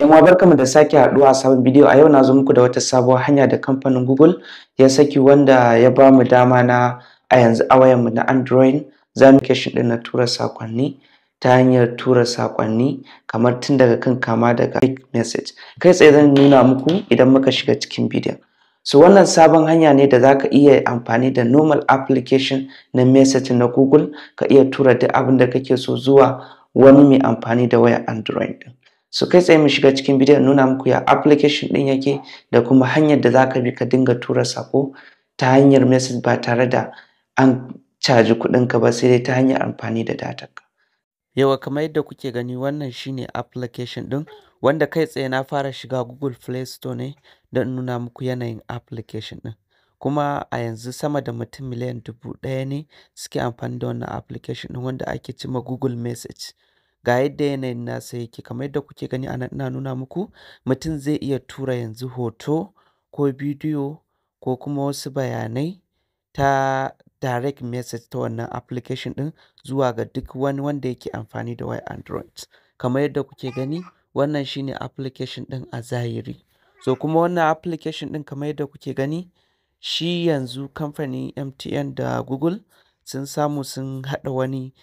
Yanwa barkamu da sake haɗuwa a sabon bidiyo a yau na zo muku da wata sabuwar hanya da kamfanin Google ya saki wanda ya ba mu dama na a yanzu a wayanmu na Android za mu kashi ɗin na tura sakonni ta hanyar tura sakonni kamar tun daga kan kama daga quick message. Kai tsaye zan nuna muku idan muka shiga cikin bidiyo? So wannan sabon hanya ne da za ka iya amfani da normal application na message na Google ka iya tura duk abin da kake so zuwa wani mai amfani da wayar Android so kai tsaye mu shiga cikin bidiyon nuna muku ya application din yake da kuma hanyar da zaka bi ka dinga tura sako ta hanyar message ba tare da an caji kuɗin ka ba sai dai ta hanyar amfani da data ka yawa kamar yadda kuke gani wannan shine application din wanda kai tsaye na fara shiga Google Play Store ne don nuna muku yanayin application din kuma a yanzu sama da mutum miliyan dubu ɗaya ne suke amfani da wannan application ɗin wanda ake cima Google Message ga yadda yanayin nasa yake kamar yadda kuke gani anan ina nuna muku mutum zai iya tura yanzu hoto ko bidiyo ko kuma wasu bayanai ta direct message ta wannan application ɗin zuwa ga duk wani wanda yake amfani da wayar Android. Kamar yadda kuke gani wannan shine application ɗin a zahiri. So kuma wannan application ɗin kamar yadda kuke gani shi yanzu kamfanin MTN da Google sun samu sun haɗa wani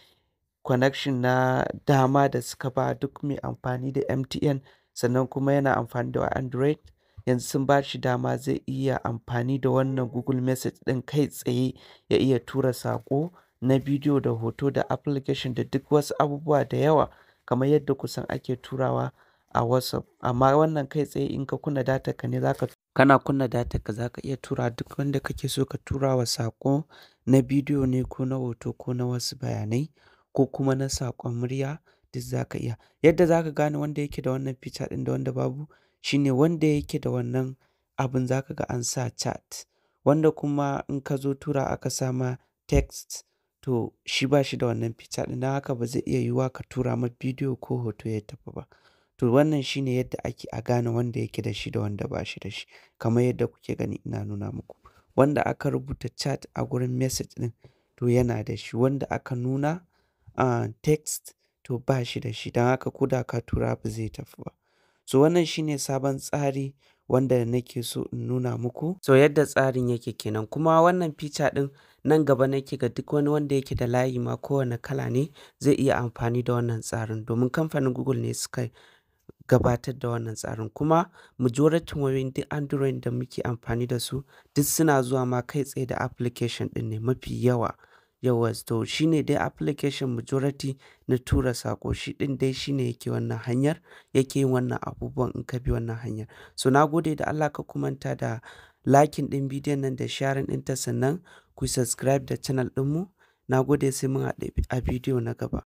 connection na dama da suka ba duk mai amfani da MTN sannan kuma yana amfani da Android yanzu sun ba shi dama zai iya amfani da wannan Google Message din kai tsaye ya iya tura sako na bidiyo da hoto da application da duk wasu abubuwa da yawa kamar yadda kusan ake turawa a WhatsApp amma wannan kai tsaye in ka kunna data ka ne zaka kana kunna data ka zaka iya tura duk wanda kake so ka turawa sako na bidiyo ne ko na hoto ko na wasu bayanai ko kuma na saƙon murya duk za ka iya. Yadda za ka gane wanda yake da wannan feature ɗin da wanda babu shine wanda yake da wannan abin za ka ga an sa chat wanda kuma in ka zo tura aka sama text to shi ba shi da wannan feature ɗin don haka ba zai iya yiwuwa ka tura ma bidiyo ko hoto ya tafi ba. To wannan shi yadda ake a gane wanda yake da shi da wanda ba shi da shi kamar yadda kuke gani ina nuna muku. Wanda aka rubuta chat a gurin message ɗin to yana da shi wanda aka nuna uh, text to ba shi da shi don haka kuda ka tura ba zai tafi ba. So wannan shine sabon tsari wanda nake so in nuna muku. So yadda tsarin yake kenan kuma wannan feature din nan gaba nake ga duk wani wanda yake da layi ma kowane kala ne zai iya amfani da wannan tsarin domin kamfanin Google ne suka gabatar da wannan tsarin kuma majoratin wayoyin duk android da muke amfani da su duk suna zuwa ma kai tsaye da application din ne mafi yawa. Yauwa to shi ne dai application majority na tura sako shi ɗin dai shi ne yake wannan hanyar, yake yin wannan abubuwan in ka bi wannan hanyar. So na gode da Allah ka ku da liking ɗin bidiyon nan da sharing ɗinta sannan ku subscribe da channel mu Na gode sai mun haɗu a bidiyo na gaba.